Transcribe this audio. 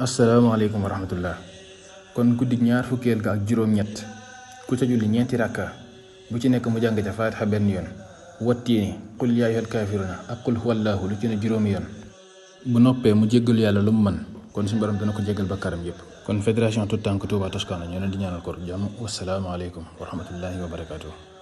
asalaamaaleykum wa rahmatullah kon guddik ñaar fukkeel ga ak juróom-ñett ku ca julli ñeenti rakka bu ci nekk mu jàng ca faatixa benn yoon wattiini qul yaa ayyuhal kaafiruuna ak qul huwallaahu lu ci ne juróomi yoon bu noppee mu jéggal yàlla lu mu man kon suñu borom dana ko jéggal bakkaaram yépp kon fédération Tutank Touba Toscana ñoo leen di ñaanal koor jàmm wasalaamaaleykum wa rahmatullahi wa barakaatu.